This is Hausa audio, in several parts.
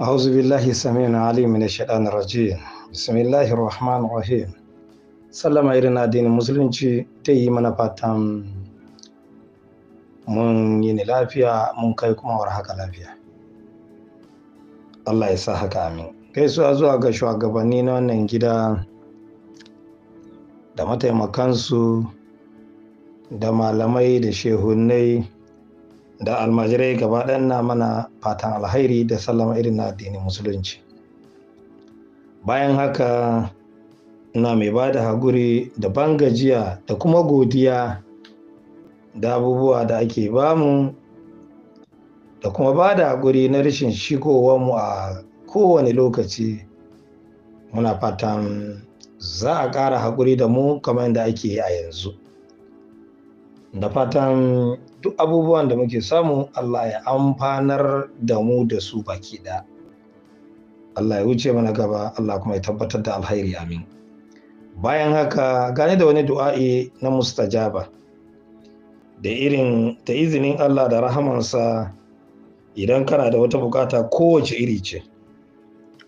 أعوذ بالله السميع العليم من الشيطان الرجيم sallama irin addinin musulunci ta yi mana fatan mun yi ni lafiya mun kai kuma war haka lafiya Allah ya sa haka amin gaisuwa zuwa ga shugabanni na wannan gida da mataimakansu da malamai da shehunai da almajirai gaba ɗan na mana fatan alhairi da sallama irin na addinin musulunci bayan haka na mai ba da haguri da bangajiya da kuma godiya da abubuwa da ake bamu da kuma ba da haguri na rashin shigowarmu a kowane lokaci muna fatan za a ƙara haƙuri da mu kamar da ake yi a yanzu da fatan duk abubuwan da muke samu Allah ya amfanar da mu da su baki ɗaya Allah ya wuce mana gaba Allah kuma ya tabbatar da alhairi amin bayan haka gane da wani du'a'i na mustajaba da irin ta izinin Allah da rahamansa idan kana da wata bukata kowace iri ce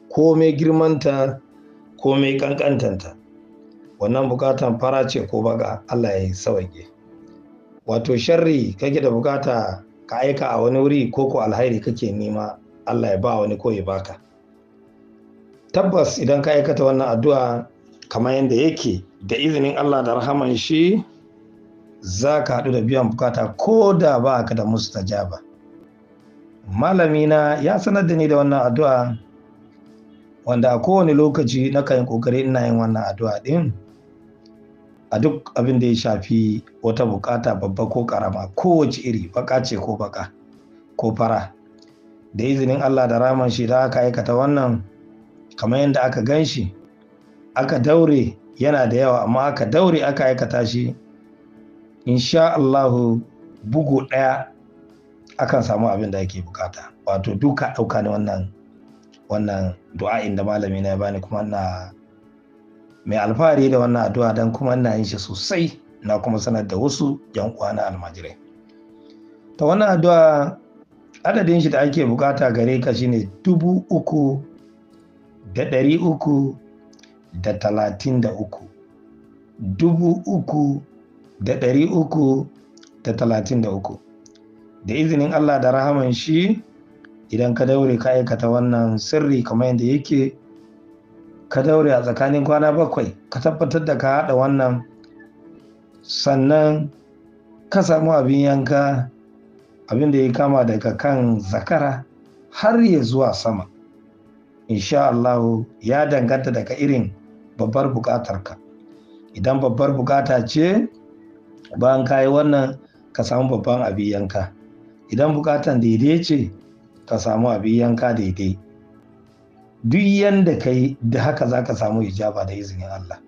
ko mai girmanta ko mai kankantanta wannan bukatan fara ce ko baga Allah ya yi sauke wato sharri kake da bukata ka aika a wani wuri ko ko alhairi kake nema Allah ya ba wani ko ya baka tabbas idan ka aikata wannan addu'a kamar yadda yake da izinin Allah da rahaman shi za ka haɗu da biyan bukata ko da ba ka da mustajaba malamina ya sanar da ni da wannan addu'a wanda a kowane lokaci na kan kokari ina yin wannan addu'a ɗin a duk abin da ya shafi wata bukata babba ko karama kowace iri baka ce ko baka ko fara da izinin Allah da raman shi da aka aikata wannan kamar yadda aka gan shi aka daure yana da yawa amma aka daure aka aikata shi insha Allahu bugu ɗaya akan samu abin da ake bukata wato duka ɗauka ne wannan wannan du'a'in da malami na ya bani kuma na mai alfahari da wannan addu'a don kuma ina yin shi sosai na kuma sanar da wasu yan uwa na almajirai ta wannan addu'a adadin shi da ake bukata gare ka shine dubu uku da ɗari uku da talatin da uku dubu uku da ɗari uku da talatin da uku da izinin allah da rahaman shi idan ka daure ka aikata wannan sirri kamar yadda yake ka daure a tsakanin kwana bakwai ka tabbatar da ka haɗa wannan sannan ka samu abin yanka abin da ya kama daga kan zakara har ya zuwa sama insha Allah ya danganta daga irin babbar bukatarka idan babbar bukata ce bayan kayi wannan ka samu babban abin yanka idan bukatan daidai ce ka samu abin yanka daidai duk yanda ka yi da haka za ka samu ijaba da izinin Allah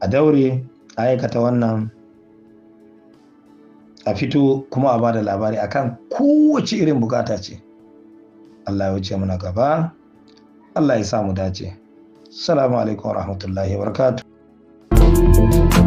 a daure a aikata wannan a fito kuma a ba da labari akan kowace irin bukata ce Allah ya wuce muna gaba Allah ya samu dace salamu alaikum wa rahmatullahi wa